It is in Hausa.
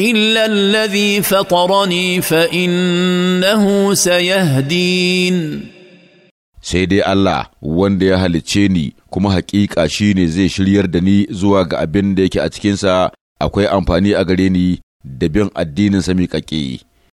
الا الذي فطرني فانه سيهدين sai dai Allah wanda ya halicce ni kuma haƙiƙa shi ne zai shiryar da ni zuwa ga abin da yake a cikinsa akwai amfani a gare ni da bin addininsa ƙaƙe.